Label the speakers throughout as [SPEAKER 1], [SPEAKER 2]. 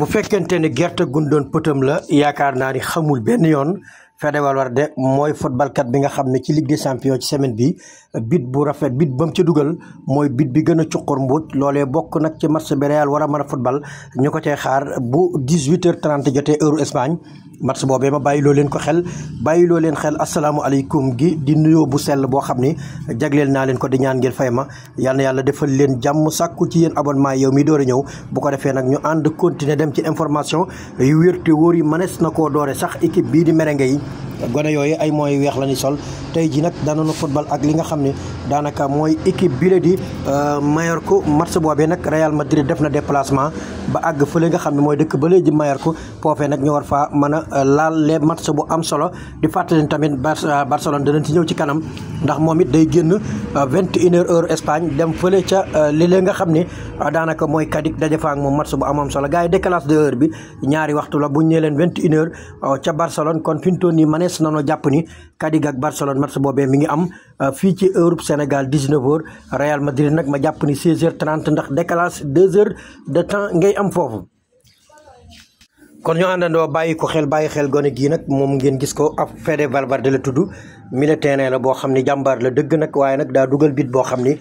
[SPEAKER 1] bu fekkente ne gerte gun doon pëtam la yaakaar naa ni xamul benn yoon Fede de mooy footballkat bi nga xam ne ci Ligue des ci semaine bi bit bu rafet bit ba mu ca dugal mooy bit bi gën a cuqur mbuuj loolee bokk nag ci match bi Real war a mën a football ñu ko cay xaar bu 18h30 jote heure Espagne match boobee ma bàyyiloo leen ko xel bàyyiloo leen xel asalaamualeykum gi di nuyoo bu sell boo xam ni jagleel naa leen ko di ñaan ngeen fay ma yal na yàlla defal leen jàmm sàkku ci yéen abonnement yow mi door a ñëw bu ko defee nag ñu ànd continuer dem ci information yu wér te na koo doore sax équipe bii di merengue yi gone yooyu ay mooy weex la ni sol tey ji nag danañu football ak li nga xam ne daanaka mooy équipe bi la di euh, Mallorca match boobee nag Real Madrid def na déplacement ba àgg fële nga xam ne mooy dëkk bële di Mallorca foofee nag ñu war faa mën a euh, laal les match bu am solo di fàttali tamit euh, Barcelone danañ ci ñëw ci kanam ndax moom it day génn vingt et une heure heure Espagne dem fële ca li lee nga xam ne daanaka mooy Cadix daje fa ak moom match bu am solo gars yi décalage de heure bi ñaari waxtu la bu ñu nee leen heure ca Barcelone kon fi mu toll mënees nanoo jàpp ni Cadiz ak Barcelone match boobee mi ngi am euh, fii ci Europe Sénégal 19h Real Madrid nag ma jàpp ni 16h30 ndax décalage 2 heures de temps ngay am foofu. kon ñu àndandoo bàyyi ko xel bàyyi xel gone gii nag moom ngeen gis ko ab Fede Valverde la tudd milieu terrain la boo xam ni jàmbaar la dëgg nag waaye nag daa dugal bit boo xam ni.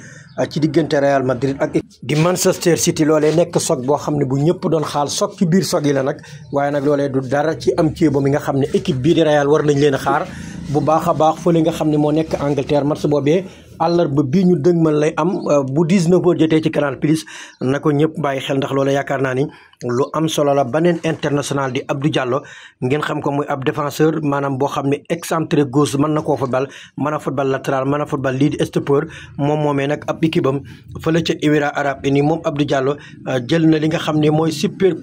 [SPEAKER 1] ci diggante Real Madrid ak di Manchester City loole nekk soog boo xam ne bu ñëpp doon xaal soog ci biir soog yi la nag waaye nag loolee du dara ci am ceebo mi nga xam ne équipe bii di war nañ leen a xaar bu baax a baax fële nga xam ne moo nekk Angleterre match boobee àllarba bii ñu dëgmal lay am euh, bu 19h jotee ci Canal Plus na ko ñëpp bàyyi xel ndax loola yaakaar naa ni lu am solo la beneen international di Abdou Diallo ngeen xam ko muy ab défenseur maanaam boo xam ne excentré gauche mën na fo football mën a football latéral mën a football lii di stoppeur moom moomee nag ab équipe am fële ca Émirats arabes unis moom Abdou Diallo euh, jël na li nga xam ne mooy super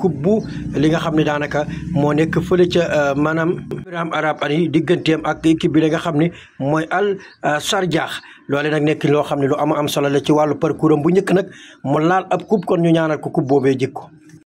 [SPEAKER 1] li nga xam ne daanaka moo nekk fële ca euh, maanaam. Ibrahima Arab Ani digganteem ak équipe bi la nga xam ne mooy Al euh, Sarjaax loole nag nekk loo xam ne loo am am solo la ci wàllu parcours bu njëkk nag mu laal ab coupe kon ñu ñaanal ko coupe boobee jikko